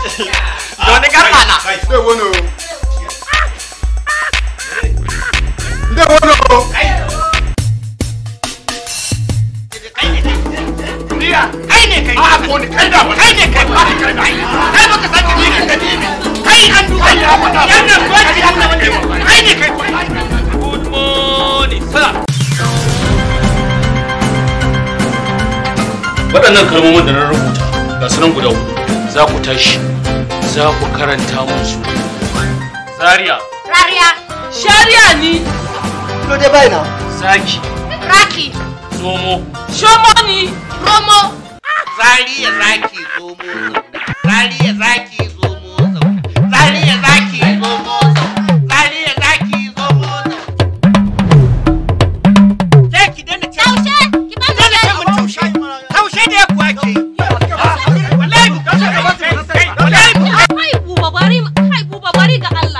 Doni Garana. Nde wono. Nde wono. Riya, kai ne kai. A ko ne kai da ba. Kai ne kai ba. Kai baka ka ne kai ne. Kai Kai ne kai. za ku tashi za ku karanta musu zaria rariya Shariya ni lo dai bai na zaki raki zomo ni romo Zariya zaki ka bari ga Allah